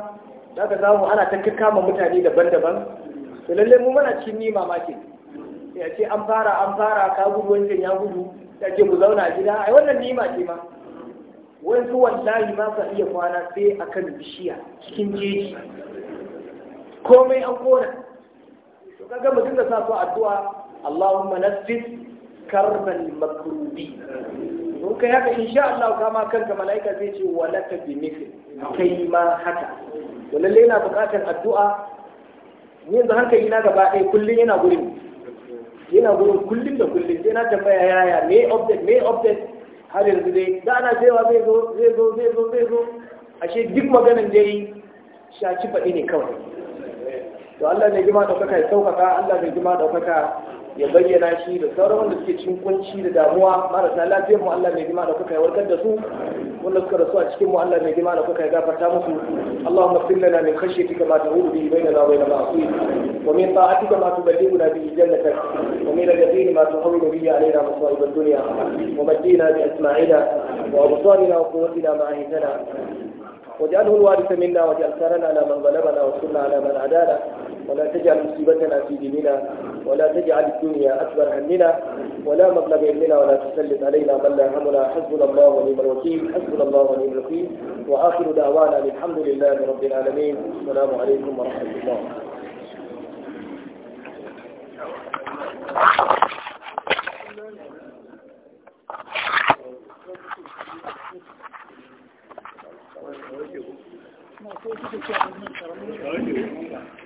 za ka samu ana ta kama mutane daban-daban to lallai mu mana cikin ni mamaki ya ce an fara an fara ka gudu wancan ya gudu ya ce mu zauna gida ai wannan nima ce ma wasu wallahi ba sa iya kwana sai a kan bishiya cikin jeji komai an kona to kaga mu dinga sa su addu'a Allahumma nasfis karban makrubi in kai haka sha Allah ka ma kanka mala'ika zai ce walaka bi mithli kai ma haka to lalle yana buƙatar addu'a yanzu hankali na gaba ɗaya kullum yana gurin yana gurin kullum da kullum sai na tambaya yaya me update me update har yanzu dai da ana cewa zai zo zai zo zai zo zai zo ashe duk maganan dai shaci faɗi ne kawai to Allah ne jima ɗaukaka ya sauƙaƙa Allah ne jima ɗaukaka ya bayyana shi da sauran wanda suke cikin kunci da damuwa marasa lafiyar mu Allah mai girma da kuka yi warkar da su wanda suka rasu a cikin mu Allah mai girma da kuka yi gafarta musu Allahumma fil lana min khashyatika ma tahulu bihi bainana wa bainal ma'asiyah wa min ta'atika ma tuballighuna bihi jannatak wa min al-yaqini ma tuhawwinu bihi alayna masa'ib ad-dunya wa maddina bi asma'ina wa absarina wa quwwatina ma ahitana واجعله الوارث منا واجعل ثارنا على من ظلمنا وانصرنا على من عادانا ولا تجعل مصيبتنا في ديننا ولا تجعل الدنيا أكبر همنا ولا مبلغ علمنا ولا تسلط علينا من لا همنا حسبنا الله ونعم الوكيل حسبنا الله ونعم الوكيل وآخر دعوانا الحمد لله رب العالمين السلام عليكم ورحمة الله Thank you.